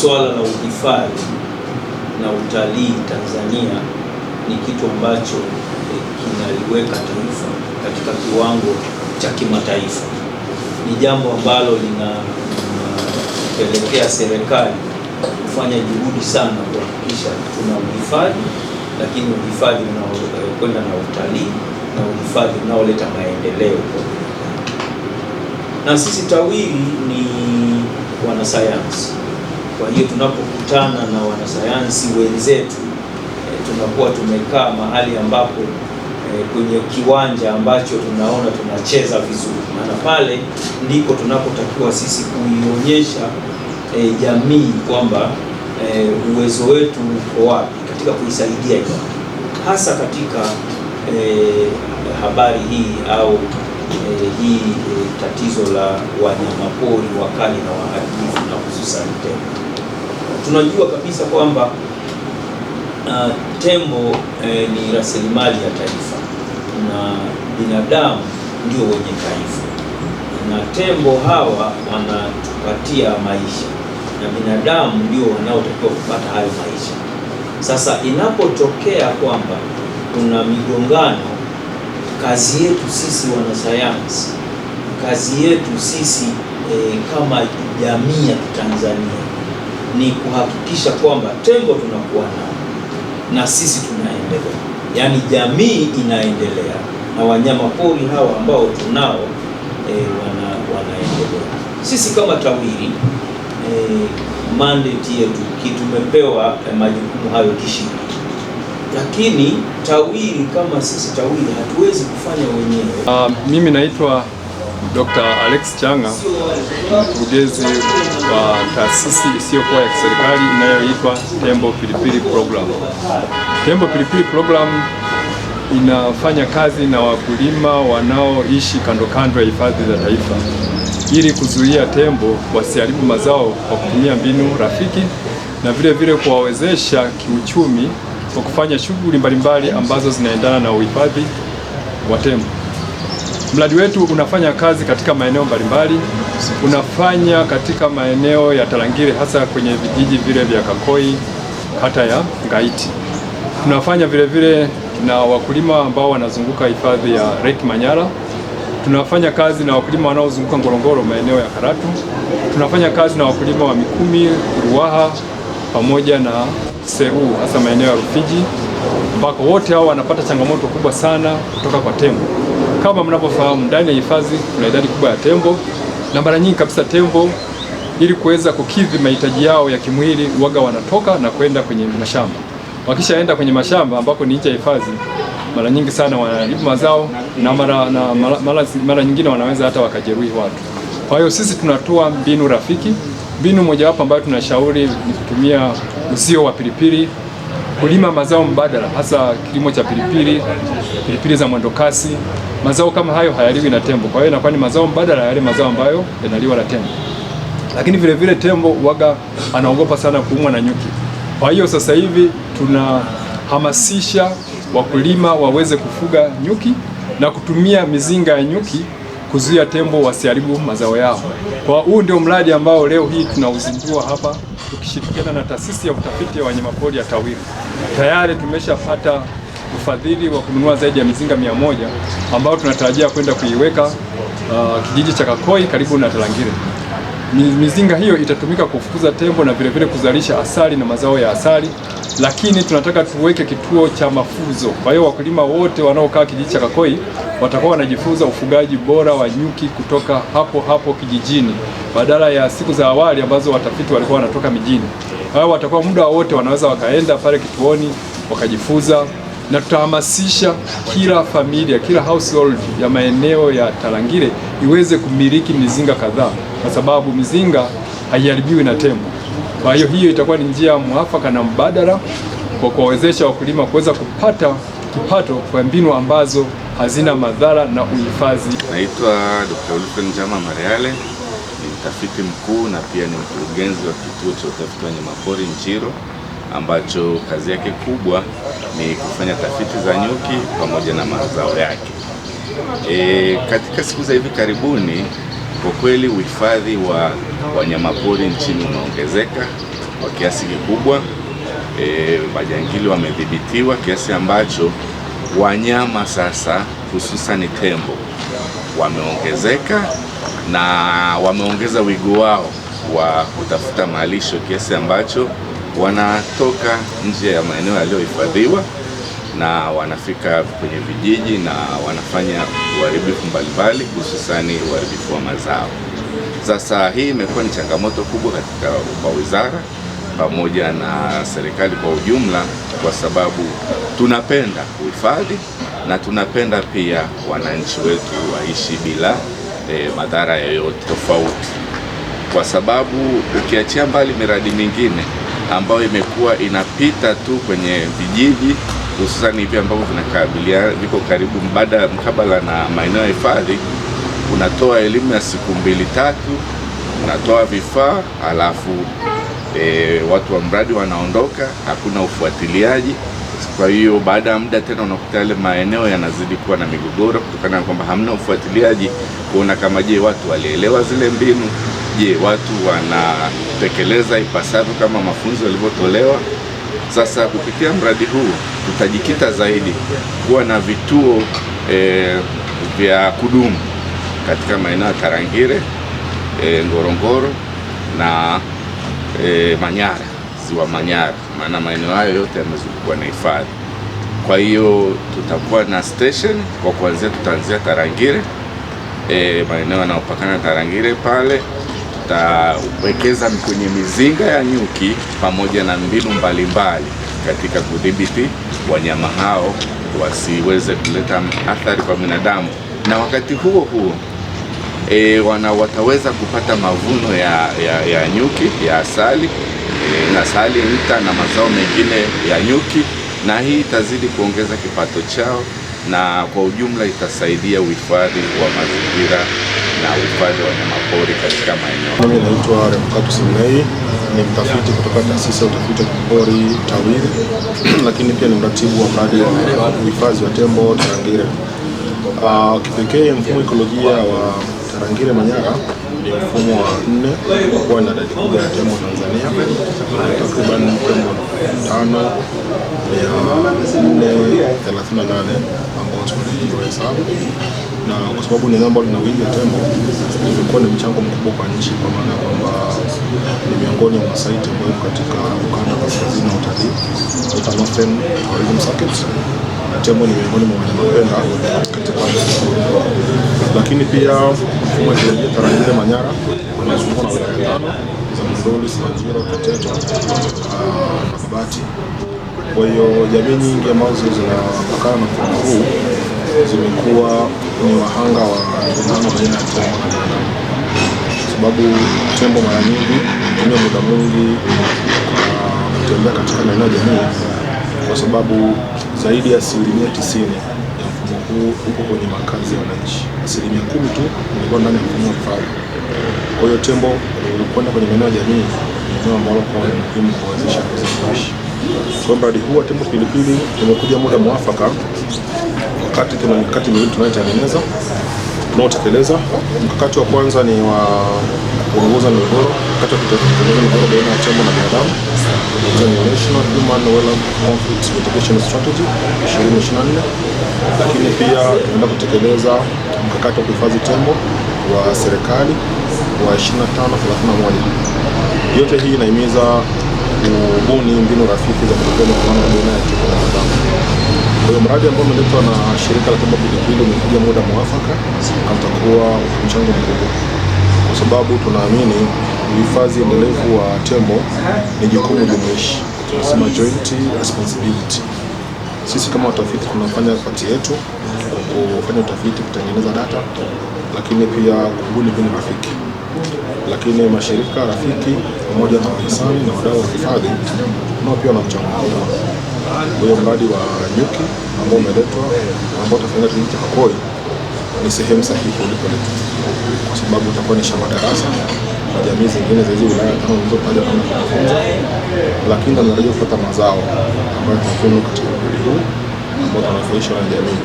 swala la uhifadhi na utalii Tanzania ni kitu ambacho eh, kinaliweka taifa katika kiwango cha kimataifa. Ni jambo ambalo linapelekea serikali kufanya juhudi sana kuhakikisha tuna uhifadhi, lakini uhifadhi unaokwenda eh, na utalii na uhifadhi unaoleta maendeleo kwa na sisi TAWIRI ni wanasayansi kwa hiyo tunapokutana na wanasayansi wenzetu e, tunakuwa tumekaa mahali ambapo e, kwenye kiwanja ambacho tunaona tunacheza vizuri, maana pale ndiko tunapotakiwa sisi kuionyesha e, jamii kwamba e, uwezo wetu uko wapi katika kuisaidia jamii, hasa katika e, habari hii au e, hii e, tatizo la wanyamapori wakali na waharibifu na hususani tembo tunajua kabisa kwamba uh, tembo eh, ni rasilimali ya taifa na binadamu ndio wenye taifa, na tembo hawa wanatupatia maisha na binadamu ndio wanaotakiwa kupata hayo maisha. Sasa inapotokea kwamba kuna migongano, kazi yetu sisi wanasayansi, kazi yetu sisi eh, kama jamii ya Tanzania ni kuhakikisha kwamba tembo tunakuwa nao na sisi tunaendelea, yaani jamii inaendelea na wanyama pori hawa ambao tunao e, wana, wanaendelea. Sisi kama TAWIRI e, mandate yetu kitumepewa e, majukumu hayo kishinda, lakini TAWIRI kama sisi TAWIRI hatuwezi kufanya wenyewe. Uh, mimi naitwa Dr. Alex Chang'a, mkurugenzi wa taasisi isiyokuwa ya kiserikali inayoitwa Tembo Pilipili Program. Tembo Pilipili Program inafanya kazi na wakulima wanaoishi kando kando ya hifadhi za taifa ili kuzuia tembo wasiharibu mazao kwa kutumia mbinu rafiki na vile vile kuwawezesha kiuchumi kwa kufanya shughuli mbalimbali ambazo zinaendana na uhifadhi wa tembo. Mradi wetu unafanya kazi katika maeneo mbalimbali, unafanya katika maeneo ya Tarangire, hasa kwenye vijiji vile vya Kakoi, kata ya Ngaiti. Tunafanya vile vile na wakulima ambao wanazunguka hifadhi ya Lake Manyara. Tunafanya kazi na wakulima wanaozunguka Ngorongoro, maeneo ya Karatu. Tunafanya kazi na wakulima wa Mikumi, Ruaha pamoja na Seru, hasa maeneo ya Rufiji. Mpaka wote hao wanapata changamoto kubwa sana kutoka kwa tembo. Kama mnavyofahamu, ndani ya hifadhi kuna idadi kubwa ya tembo, na mara nyingi kabisa tembo ili kuweza kukidhi mahitaji yao ya kimwili waga wanatoka na kwenda kwenye mashamba. Wakishaenda kwenye mashamba ambako ni nje ya hifadhi, mara nyingi sana wanaharibu mazao na mara, na mara, mara, mara nyingine wanaweza hata wakajeruhi watu. Kwa hiyo sisi tunatoa mbinu rafiki. Mbinu mojawapo ambayo tunashauri ni kutumia uzio wa pilipili, kulima mazao mbadala, hasa kilimo cha pilipili, pilipili za mwendokasi mazao kama hayo hayaliwi na tembo, kwa hiyo inakuwa ni mazao mbadala ya yale mazao ambayo yanaliwa na tembo. Lakini vile vile tembo waga anaogopa sana kuumwa na nyuki. Kwa hiyo sasa hivi tunahamasisha wakulima waweze kufuga nyuki na kutumia mizinga ya nyuki kuzuia tembo wasiharibu mazao yao. Kwa huu ndio mradi ambao leo hii tunauzindua hapa tukishirikiana na taasisi ya utafiti wa wanyamapori ya TAWIRI. Tayari tumeshapata ufadhili wa kununua zaidi ya mizinga mia moja ambayo tunatarajia kwenda kuiweka uh, kijiji cha Kakoi karibu na Tarangire. Mizinga hiyo itatumika kufukuza tembo na vilevile kuzalisha asali na mazao ya asali, lakini tunataka tuweke kituo cha mafuzo. Kwa hiyo wakulima wote wanaokaa kijiji cha Kakoi watakuwa wanajifunza ufugaji bora wa nyuki kutoka hapo hapo kijijini, badala ya siku za awali ambazo watafiti walikuwa wanatoka mijini. Hao watakuwa muda wote wanaweza wakaenda pale kituoni wakajifunza na tutahamasisha kila familia, kila household ya maeneo ya Tarangire iweze kumiliki mizinga kadhaa, kwa sababu mizinga haiharibiwi na tembo. Kwa hiyo hiyo itakuwa ni njia mwafaka na mbadala kwa kuwawezesha wakulima kuweza kupata kipato kwa mbinu ambazo hazina madhara na uhifadhi. Naitwa Dr. Wilfred Njama Mareale, ni mtafiti mkuu na pia ni mkurugenzi wa kituo cha utafiti wa wanyamapori Njiro ambacho kazi yake kubwa ni kufanya tafiti za nyuki pamoja na mazao yake. E, katika siku za hivi karibuni kwa kweli uhifadhi wa wanyamapori nchini umeongezeka kwa kiasi kikubwa. E, majangili wamedhibitiwa kiasi ambacho wanyama sasa hususan tembo wameongezeka na wameongeza wigo wao wa kutafuta malisho kiasi ambacho wanatoka nje ya maeneo yaliyohifadhiwa na wanafika kwenye vijiji na wanafanya uharibifu mbalimbali, hususani uharibifu wa mazao. Sasa hii imekuwa ni changamoto kubwa katika kwa wizara pamoja na serikali kwa ujumla, kwa sababu tunapenda kuhifadhi na tunapenda pia wananchi wetu waishi bila e, madhara yoyote tofauti, kwa sababu ukiachia mbali miradi mingine ambayo imekuwa inapita tu kwenye vijiji hususani hivi ambavyo vinakabilia viko karibu mbada mkabala na maeneo ya hifadhi. Unatoa elimu ya siku mbili tatu, unatoa vifaa alafu e, watu wa mradi wanaondoka, hakuna ufuatiliaji. Kwa hiyo baada ya muda tena unakuta yale maeneo yanazidi kuwa na migogoro kutokana na kwamba hamna ufuatiliaji kuona kama je, watu walielewa zile mbinu je, watu wanatekeleza ipasavyo kama mafunzo yalivyotolewa? Sasa kupitia mradi huu tutajikita zaidi kuwa na vituo e, vya kudumu katika maeneo ya Tarangire e, eh, Ngorongoro na e, Manyara, ziwa Manyara, maana maeneo hayo yote yamezungukwa na hifadhi. Kwa hiyo tutakuwa na station kwa kuanzia, tutaanzia Tarangire e, maeneo yanayopakana Tarangire pale tutawekeza kwenye mizinga ya nyuki pamoja na mbinu mbalimbali katika kudhibiti wanyama hao wasiweze kuleta athari kwa binadamu, na wakati huo huo e, wana wataweza kupata mavuno ya, ya, ya nyuki ya asali e, na asali nta na mazao mengine ya nyuki, na hii itazidi kuongeza kipato chao na kwa ujumla itasaidia uhifadhi wa mazingira na uhifadhi wa wanyamapori katika maeneo. Mimi naitwa Remkatu Simlei, ni mtafiti kutoka taasisi ya utafiti wa kipori TAWIRI lakini pia ni mratibu wa mradi wa uhifadhi wa tembo Tarangire. Uh, kipekee mfumo ekolojia wa Tarangire Manyara ni mfumo wa nne wa kuwa na idadi kubwa ya tembo Tanzania, takriban tembo tano mia nne thelathini na nane ambao tuliwahesabu, na kwa sababu ni eneo lina wingi wa tembo, ilikuwa ni mchango mkubwa kwa nchi, kwa maana ya kwamba ni miongoni mwa saiti ambayo katika ukanda wa kaskazini na utalii, tourism circuit Tembo ni miongoni mwa wanyamapenda katika lakini pia mfumo wa Tarangire Manyara unazungukwa na wilaya tano za Monduli, Simanjiro, Kateto na ah, Babati. Kwa hiyo jamii nyingi ambazo zinapakana na mfumo huu zimekuwa ni wahanga wa mvutano baina ya tembo na binadamu, sababu tembo mara nyingi hutumia muda mwingi ah, kutembea katika maeneo ya jamii kwa sababu zaidi ya asilimia tisini ya mfumo huu uko kwenye makazi ya wananchi, asilimia kumi tu ilikuwa ndani ya mfumo wa hifadhi. Kwa hiyo tembo kwenda kwenye maeneo ya jamii, eneo ambalo kwa muhimu kuwezesha kuweza kuishi. Kwa mradi huu wa tembo pilipili umekuja muda mwafaka, wakati tuna mikakati miwili tunayotengeneza unaotekeleza. Mkakati wa kwanza ni wa kupunguza migogoro, mkakati wa kutengeneza migogoro baina ya tembo na binadamu kwenye International Human Welfare Conflict Mitigation Strategy 2024, lakini pia tunaenda kutekeleza mkakati wa kuhifadhi tembo wa serikali wa 2531. Yote hii inahimiza kubuni mbinu rafiki za kutatua mapambano baina ya tembo na wanadamu. Kwa hiyo mradi ambao umeletwa na shirika la tembo pilipili umekuja muda mwafaka, utakuwa mchango mkubwa kwa sababu tunaamini uhifadhi endelevu wa tembo ni jukumu jumuishi, tunasema joint responsibility. Sisi kama watafiti tunafanya kati yetu kufanya utafiti, kutengeneza data, lakini pia kubuni vinu rafiki lakini mashirika rafiki pamoja na wahisani na wadau wa hifadhi nao pia wana mkubwa. Huyo mradi wa nyuki ambao umeletwa ambao utafanyika kijiji cha Kakoi ni sehemu sahihi ulipoletwa, kwa sababu utakuwa ni shamba darasa na jamii zingine za hizi wilaya kama ulizotaja kama kujifunza, lakini tunatarajia kupata mazao ambayo tunakiona katika ukweli huu ambao wana jamii,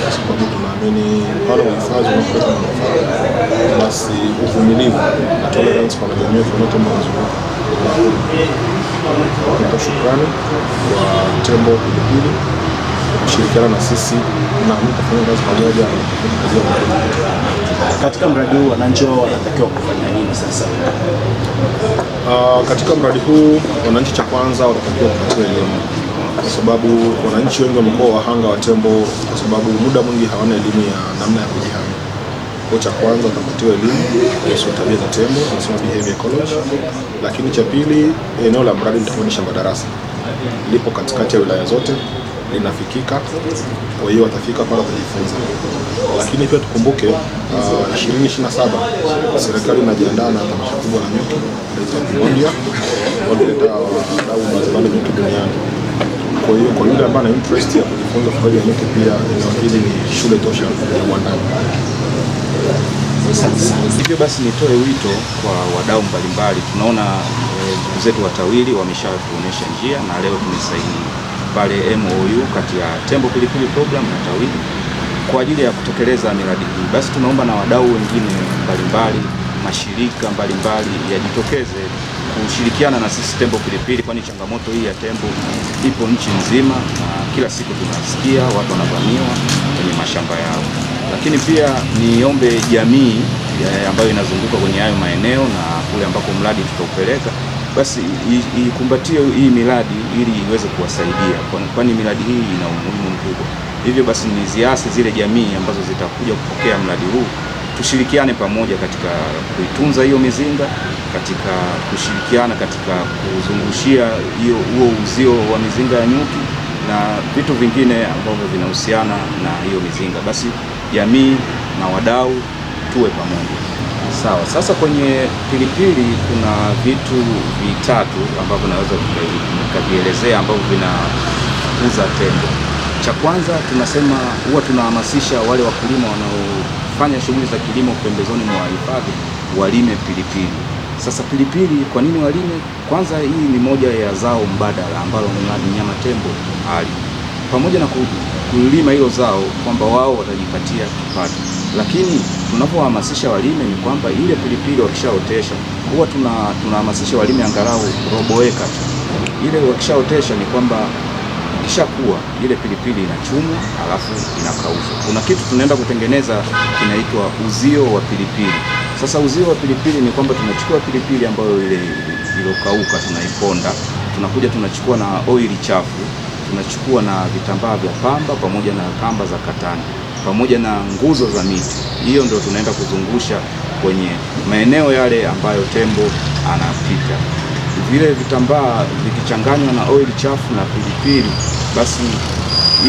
kwa sababu tunaamini pale uhifadhi unapata manufaa, basi uvumilivu na tolerance kwa wanajamii tunaleta mazunguko kuta shukrani kwa Tembo Pilipili kushirikiana na sisi na mtafanya kazi pamoja kazi ya katika mradi huu wananchi wao wanatakiwa kufanya nini sasa? Uh, katika mradi huu wananchi, cha kwanza wanatakiwa kupatiwa elimu, kwa sababu wananchi wengi wamekuwa wahanga wa tembo, kwa sababu muda mwingi hawana elimu ya namna ya kujihami kwa cha kwanza watapatiwa elimu kuhusu tabia za tembo, tunasema behavior ecology. Lakini cha pili, eneo la mradi litakuwa ni shamba darasa, lipo katikati ya wilaya zote linafikika, kwa hiyo watafika pale watajifunza. Lakini pia tukumbuke uh, ishirini ishirini na saba serikali inajiandaa na tamasha kubwa la nyuki Mondia walileta wadau mbalimbali nyuki duniani. Kwa hiyo kwa yule ambaye ana interest ya kujifunza ufugaji wa nyuki, pia eneo hili ni shule tosha ya uandaaji. Hivyo basi nitoe wito kwa wadau mbalimbali. Tunaona eh, ndugu zetu watawili wameshatuonyesha njia na leo tumesaini pale MOU kati ya Tembo Pilipili Program na TAWIRI kwa ajili ya kutekeleza miradi hii. Basi tunaomba na wadau wengine mbalimbali, mashirika mbalimbali yajitokeze kushirikiana na sisi Tembo Pilipili, kwani changamoto hii ya tembo ipo nchi nzima na kila siku tunasikia watu wanavamiwa kwenye mashamba yao. Lakini pia niombe jamii eh, ambayo inazunguka kwenye hayo maeneo na kule ambako mradi tutaupeleka basi ikumbatie hii miradi ili iweze kuwasaidia, kwani miradi hii ina umuhimu mkubwa. Hivyo basi ni ziasi zile jamii ambazo zitakuja kupokea mradi huu, tushirikiane pamoja katika kuitunza hiyo mizinga, katika kushirikiana katika kuzungushia hiyo huo uzio wa mizinga ya nyuki na vitu vingine ambavyo vinahusiana na hiyo mizinga. Basi jamii na wadau tuwe pamoja. Sawa, sasa kwenye pilipili kuna vitu vitatu ambavyo naweza nikavielezea ambavyo vinakuza tendo. Cha kwanza tunasema, huwa tunahamasisha wale wakulima wanaofanya shughuli za kilimo pembezoni mwa hifadhi walime pilipili. Sasa pilipili, kwa nini walime? Kwanza, hii ni moja ya zao mbadala ambalo mnyama tembo hali pamoja na kulima hilo zao kwamba wao watajipatia kipato, lakini Tunapohamasisha walime ni kwamba ile pilipili wakishaotesha huwa tuna tunahamasisha walime angalau robo eka tu. Ile wakishaotesha ni kwamba ikishakuwa ile pilipili inachumwa alafu inakaushwa. Kuna kitu tunaenda kutengeneza kinaitwa uzio wa pilipili. Sasa uzio wa pilipili ni kwamba tunachukua pilipili ambayo ile iliyokauka tunaiponda, tunakuja tunachukua na oili chafu, tunachukua na vitambaa vya pamba pamoja na kamba za katani pamoja na nguzo za miti. Hiyo ndio tunaenda kuzungusha kwenye maeneo yale ambayo tembo anapita. Vile vitambaa vikichanganywa na oili chafu na pilipili, basi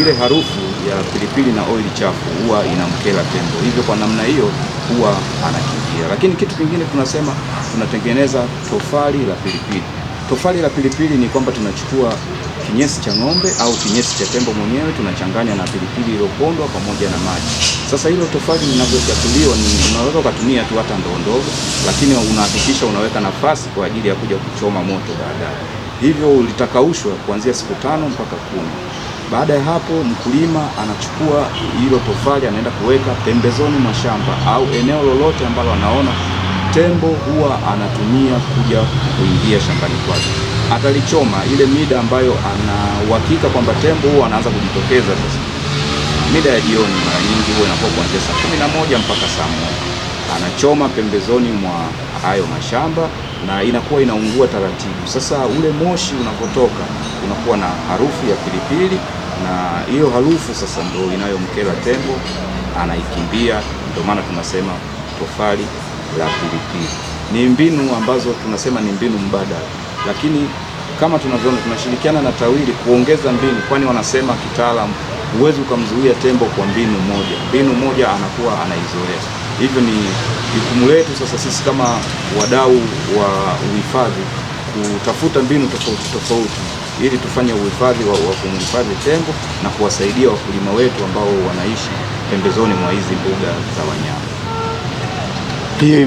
ile harufu ya pilipili na oili chafu huwa inamkela tembo, hivyo kwa namna hiyo huwa anakimbia. Lakini kitu kingine tunasema tunatengeneza tofali la pilipili. Tofali la pilipili ni kwamba tunachukua kinyesi cha ng'ombe au kinyesi cha tembo mwenyewe, tunachanganya na pilipili iliyopondwa pamoja na maji. Sasa hilo tofali linavyofyatuliwa ni unaweza ukatumia tu hata ndoo ndogo, lakini unahakikisha unaweka nafasi kwa ajili ya kuja kuchoma moto baadaye. Hivyo litakaushwa kuanzia siku tano mpaka kumi. Baada ya hapo, mkulima anachukua hilo tofali anaenda kuweka pembezoni mwa shamba au eneo lolote ambalo anaona tembo huwa anatumia kuja kuingia shambani kwake atalichoma ile mida ambayo anauhakika kwamba tembo huwa anaanza kujitokeza. Sasa mida ya jioni mara nyingi huwa inakuwa kuanzia saa kumi na moja mpaka saa moja anachoma pembezoni mwa hayo mashamba na inakuwa inaungua taratibu. Sasa ule moshi unapotoka unakuwa na harufu ya pilipili, na hiyo harufu sasa ndio inayomkera tembo, anaikimbia. Ndio maana tunasema tofali la pilipili. Ni mbinu ambazo tunasema ni mbinu mbadala lakini kama tunavyoona tunashirikiana na TAWIRI kuongeza mbinu, kwani wanasema kitaalamu huwezi ukamzuia tembo kwa mbinu moja, mbinu moja anakuwa anaizoea. Hivyo ni jukumu letu sasa sisi kama wadau wa uhifadhi kutafuta mbinu tofauti tofauti ili tufanye uhifadhi wa, wa kumhifadhi tembo na kuwasaidia wakulima wetu ambao wanaishi pembezoni mwa hizi mbuga za wanyama.